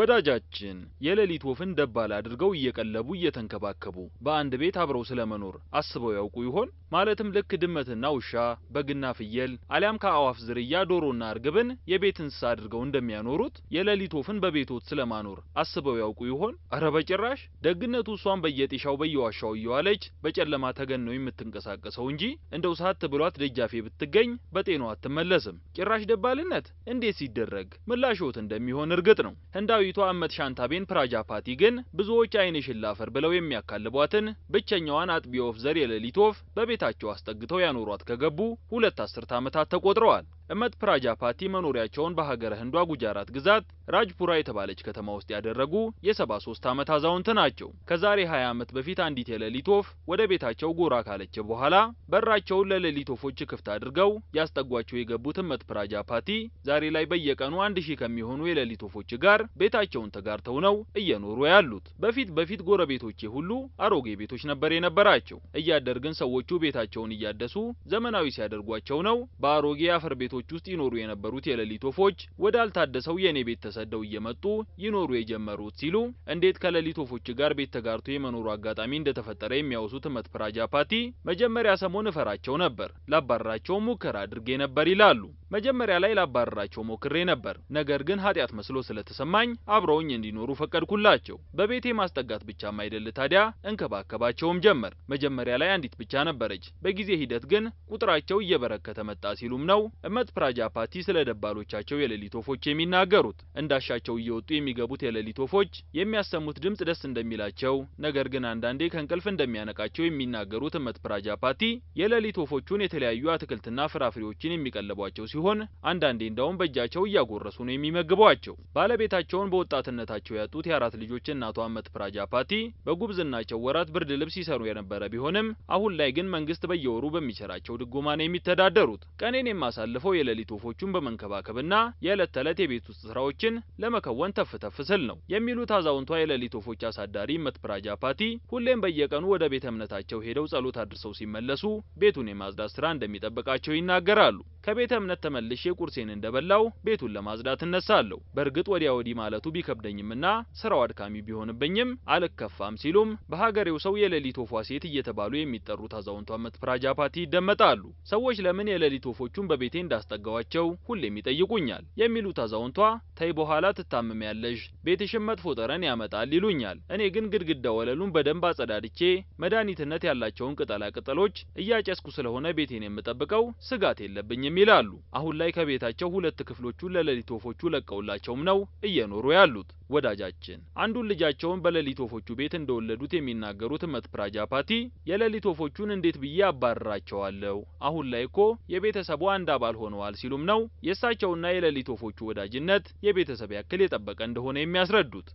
ወዳጃችን የሌሊት ወፍን ደባል አድርገው እየቀለቡ እየተንከባከቡ በአንድ ቤት አብረው ስለመኖር አስበው ያውቁ ይሆን? ማለትም ልክ ድመትና ውሻ፣ በግና ፍየል አሊያም ከአዋፍ ዝርያ ዶሮና እርግብን የቤት እንስሳ አድርገው እንደሚያኖሩት የሌሊት ወፍን በቤቶት ስለማኖር አስበው ያውቁ ይሆን? እረ በጭራሽ። ደግነቱ እሷን በየጤሻው በየዋሻው እየዋለች በጨለማ ተገን ነው የምትንቀሳቀሰው እንጂ እንደው ሳት ብሏት ደጃፌ ብትገኝ በጤኗ አትመለስም። ጭራሽ ደባልነት እንዴት ሲደረግ ምላሽዎት እንደሚሆን እርግጥ ነው ህንዳዊ ሻንታ ቤን ሻንታቤን ፕራጃፓቲ ግን ብዙዎች አይንሽን ላፈር ብለው የሚያካልቧትን ብቸኛዋን አጥቢ ወፍ ዘር የሌሊት ወፍ በቤታቸው አስጠግተው ያኖሯት ከገቡ ሁለት አስርት ዓመታት ተቆጥረዋል። እመት ፕራጃፓቲ መኖሪያቸውን በሀገረ ህንዷ ጉጃራት ግዛት ራጅፑራ የተባለች ከተማ ውስጥ ያደረጉ የ73 ዓመት አዛውንት ናቸው። ከዛሬ 20 ዓመት በፊት አንዲት የሌሊት ወፍ ወደ ቤታቸው ጎራ ካለች በኋላ በራቸውን ለሌሊት ወፎች ክፍት አድርገው ያስጠጓቸው የገቡት እመት ፕራጃፓቲ ዛሬ ላይ በየቀኑ አንድ ሺህ ከሚሆኑ የሌሊት ወፎች ጋር ቤታቸውን ተጋርተው ነው እየኖሩ ያሉት። በፊት በፊት ጎረቤቶቼ ሁሉ አሮጌ ቤቶች ነበር የነበራቸው። እያደር ግን ሰዎቹ ቤታቸውን እያደሱ ዘመናዊ ሲያደርጓቸው ነው በአሮጌ አፈር ቤቶች ቤቶች ውስጥ ይኖሩ የነበሩት የሌሊት ወፎች ወደ አልታደሰው የኔ ቤት ተሰደው እየመጡ ይኖሩ የጀመሩት ሲሉ እንዴት ከሌሊት ወፎች ጋር ቤት ተጋርቶ የመኖሩ አጋጣሚ እንደተፈጠረ የሚያወሱት እመት ፕራጃፓቲ መጀመሪያ ሰሞን እፈራቸው ነበር፣ ላባረራቸው ሙከራ አድርጌ ነበር ይላሉ። መጀመሪያ ላይ ላባረራቸው ሞክሬ ነበር። ነገር ግን ኃጢአት መስሎ ስለተሰማኝ አብረውኝ እንዲኖሩ ፈቀድኩላቸው። በቤቴ ማስጠጋት ብቻ ማይደል ታዲያ እንከባከባቸውም ጀመር። መጀመሪያ ላይ አንዲት ብቻ ነበረች። በጊዜ ሂደት ግን ቁጥራቸው እየበረከተ መጣ ሲሉም ነው እመት ፕራጃፓቲ ስለ ደባሎቻቸው የሌሊት ወፎች የሚናገሩት። እንዳሻቸው እየወጡ የሚገቡት የሌሊት ወፎች የሚያሰሙት ድምጽ ደስ እንደሚላቸው ነገር ግን አንዳንዴ ከእንቅልፍ እንደሚያነቃቸው የሚናገሩት እመት ፕራጃፓቲ የሌሊት ወፎቹን የተለያዩ አትክልትና ፍራፍሬዎችን የሚቀልቧቸው ሲሆን ሲሆን አንዳንዴ እንደውም በእጃቸው እያጎረሱ ነው የሚመግቧቸው። ባለቤታቸውን በወጣትነታቸው ያጡት የአራት ልጆች እናቷ አመት ፕራጃፓቲ በጉብዝናቸው ወራት ብርድ ልብስ ይሰሩ የነበረ ቢሆንም አሁን ላይ ግን መንግስት በየወሩ በሚቸራቸው ድጎማ ነው የሚተዳደሩት። ቀኔን የማሳልፈው የሌሊት ወፎቹን በመንከባከብና የዕለት ተዕለት የቤት ውስጥ ስራዎችን ለመከወን ተፍ ተፍ ስል ነው የሚሉት አዛውንቷ የሌሊት ወፎች አሳዳሪ እመት ፕራጃፓቲ ሁሌም በየቀኑ ወደ ቤተ እምነታቸው ሄደው ጸሎት አድርሰው ሲመለሱ ቤቱን የማጽዳት ስራ እንደሚጠብቃቸው ይናገራሉ። ከቤተ እምነት ተመልሼ ቁርሴን እንደበላው ቤቱን ለማጽዳት እነሳለሁ። በእርግጥ ወዲያ ወዲህ ማለቱ ቢከብደኝምና ስራው አድካሚ ቢሆንብኝም አልከፋም ሲሉም በሀገሬው ሰው የሌሊት ወፏ ሴት እየተባሉ የሚጠሩት አዛውንቷ አመት ፓቲ ይደመጣሉ። ሰዎች ለምን የሌሊት ወፎቹን በቤቴ እንዳስጠጋዋቸው ሁሌም ይጠይቁኛል። የሚሉት አዛውንቷ ተይ በኋላ ትታመሚያለሽ፣ ቤትሽን መጥፎ ጠረን ያመጣል ይሉኛል። እኔ ግን ግድግዳ ወለሉን በደንብ አጸዳድቼ መድኃኒትነት ያላቸውን ቅጠላ ቅጠሎች እያጨስኩ ስለሆነ ቤቴን የምጠብቀው ስጋት የለብኝም የለኝም ይላሉ። አሁን ላይ ከቤታቸው ሁለት ክፍሎቹን ለሌሊት ወፎቹ ለቀውላቸውም ነው እየኖሩ ያሉት። ወዳጃችን አንዱን ልጃቸውን በሌሊት ወፎቹ ቤት እንደወለዱት የሚናገሩት እመት ፕራጃፓቲ የሌሊት ወፎቹን እንዴት ብዬ አባርራቸዋለሁ? አሁን ላይ እኮ የቤተሰቡ አንድ አባል ሆነዋል ሲሉም ነው የእሳቸውና የሌሊት ወፎቹ ወዳጅነት የቤተሰብ ያክል የጠበቀ እንደሆነ የሚያስረዱት።